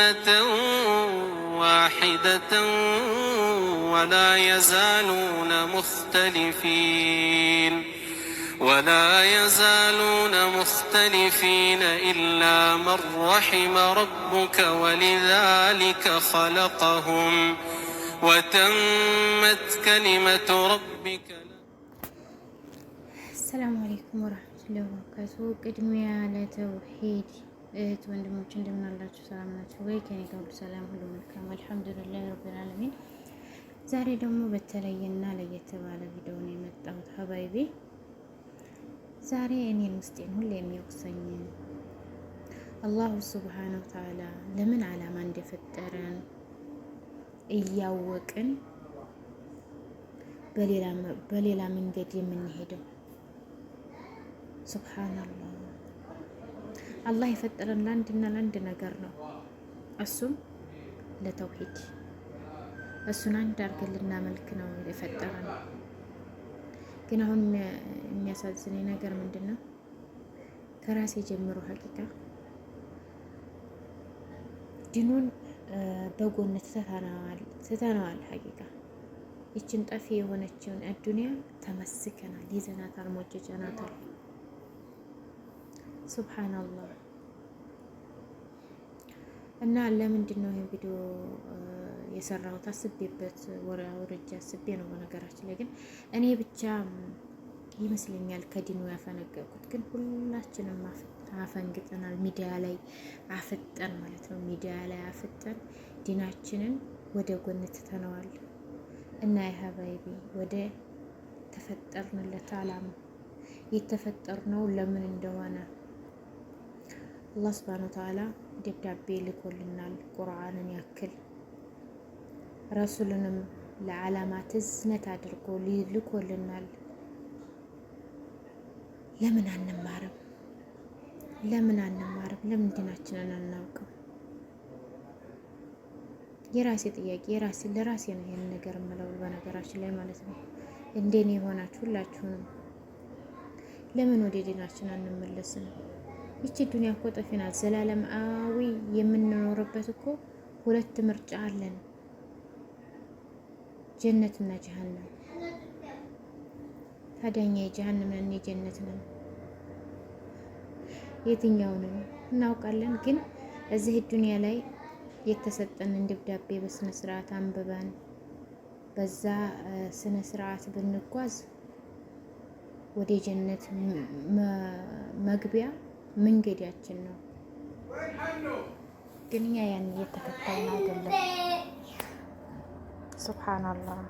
أمة واحدة ولا يزالون مختلفين ولا يزالون مختلفين إلا من رحم ربك ولذلك خلقهم وتمت كلمة ربك السلام عليكم ورحمة الله وبركاته قدمي على توحيدي እህት ወንድሞች እንደምን አላችሁ? ሰላም ናችሁ ወይ? ከኔ ጋር ሁሉ ሰላም፣ ሁሉ መልካም አልሐምዱሊላህ ረብል ዓለሚን። ዛሬ ደግሞ በተለየና ለየት ባለ ቪዲዮ ነው የመጣሁት ሀባይቤ። ዛሬ እኔን ውስጤን ሁሌ የሚወቅሰኝ አላሁ ሱብሓነሁ ወተዓላ ለምን ዓላማ እንደፈጠረን እያወቅን በሌላ መንገድ የምንሄደው ሱብሓነላህ አላህ የፈጠረን ለአንድና ለአንድ ነገር ነው። እሱም ለተውሂድ እሱን አንድ አድርገን ልናመልክ ነው የፈጠረን። ግን አሁን የሚያሳዝነኝ ነገር ምንድን ነው? ከራሴ ጀምሮ ሀቂቃ ድኑን በጎን ትተነዋል። ሀቂቃ ይችን ጠፊ የሆነችውን አዱኒያ ተመስከናል፣ ይዘናታል፣ ሞጀጀናታል። ሱብሃነላህ እና ለምንድን ነው ይህ ቪዲዮ የሰራሁት? አስቤበት ወረጃ አስቤ ነው። በነገራችን ላይ ግን እኔ ብቻ ይመስለኛል ከዲኑ ያፈነገጥኩት። ግን ሁላችንም አፈንግጠናል። ሚዲያ ላይ አፍጠን ማለት ነው። ሚዲያ ላይ አፍጠን ዲናችንን ወደ ጎን ትተነዋል። እና የሀባይቢ ወደ ተፈጠርንለት አላማ የተፈጠርነው ለምን እንደሆነ አላህ ስብሐነሁ ወተዓላ ደብዳቤ ልኮልናል። ቁርአንን ያክል ረሱልንም ለዓላማት እዝነት አድርጎ ልኮልናል። ለምን አንማርም? ለምን አንማርም? ለምን ዲናችንን አናውቅም? የራሴ ጥያቄ የራሴ ለራሴ ነው ይህን ነገር የምለው በነገራችን ላይ ማለት ነው። እንደኔ የሆናችሁ ሁላችሁንም ለምን ወደ ዲናችን አንመለስም? ይቺ ዱንያ እኮ ጠፊ ናት። ዘላለማዊ የምንኖርበት እኮ ሁለት ምርጫ አለን፣ ጀነትና ጀሀነም። ታዲያኛ የጀሀነም ነን የጀነት ነን የትኛውንም እናውቃለን። ግን እዚህ ዱንያ ላይ የተሰጠንን ደብዳቤ በስነ ስርዓት አንብበን በዛ ስነ ስርዓት ብንጓዝ ወደ ጀነት መግቢያ መንገዳችን ነው። ግን እኛ ያን እየተከተልን አይደለም። ሱብሃነላህ